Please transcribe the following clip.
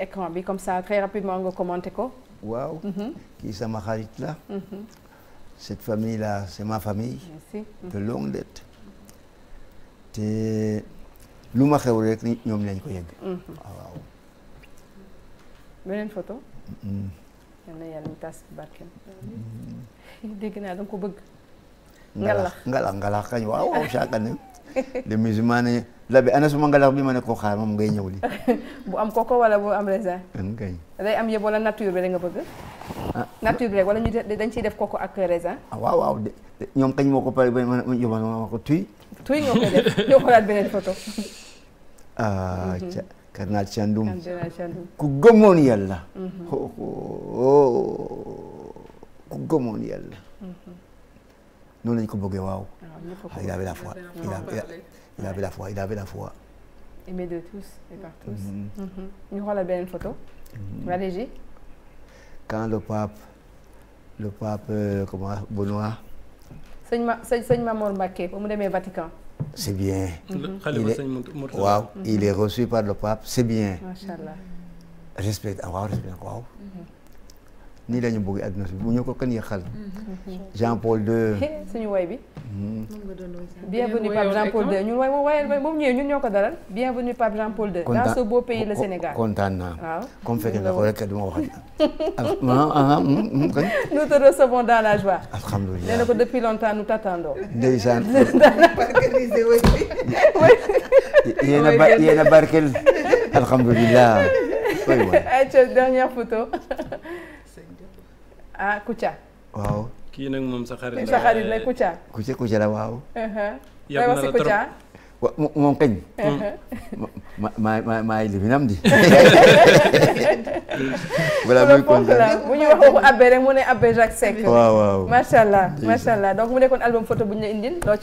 écran bi comme ça très rapidement nga commenté ko. waaw. Mhm. kii sama la. Mhm. cette famille là c'est ma famille. merci mhm. de te lu ma xew rek ñoom lañ ko yëg. Ah, waaw. beneen photo. Mm-hmm. yal na yàlla ñu tas barkeem. Mm-hmm. dégg naa da nga ko bëgg. kañ waaw waaw chaque les musulmans ne labe ana suma ngalax bi ma ne koo xaar moom ngay ñëw li bu am koko wala bu am raisin. kay day am yëpp wala nature bi la nga bëgg. Ah. nature bi rek wala ah, ñoom kañ moo ko pare ba ma yóbbal ma ko tuy. tuy nga koy def ñoo xoolaat beneen photo. ah mhm. ca Cardinal Thiandoum. Cardinal Thiandoum ku gëmoon yàlla. Mhm. Oh, oh, oh, ku gëmoon yàlla. Mhm. noonu lañ ko bëggee waaw. il avait la foi il avait la foi il avait la foi. de tous et par tous. ñu xoolal beneen photo. Valérie. Mm-hmm. quand le pape le pape euh, comment Benoît. sëñ ma sëñ Mamour Mbacké ba mu demee Vatican. c'est bien. xalifa sëñ Mourtada waaw il est reçu par le pape c'est bien. macha allah. nii lañu bëgg adduna si bu ñu ko kenn yëxal mm-hmm. Jean Paul II suñu woy bi mm-hmm. bienvenue Pape Jean Paul II ñun woy moom woyal moom ñëwee ñun ñoo ko dalal bienvenue Pape Jean Paul II dans ce beau pays le Sénégal kontaan naa waaw comme fekkee nga ko rek du ma waxati nous te recevons dans la joie alhamdulilah nee na ko depuis longtemps nous t'attendons ndeysaan yéen a alhamdulilah ayca dernière photo ah Kouthia. waaw. ki nag moom sa xarit la sa xarit la Kouthia. Kouthia Kouthia la waaw. Uh-huh. yàgg na la trop wa moom kañ. Uh-huh. ma ma ma ma li fi nam di. voilà muy kontaan bu ñuy wax waxu Abbé rek mu ne Abbé Jacques Seck. waaw waaw macha allah macha allah donc mu nekkoon album photo bu ñu la indil loo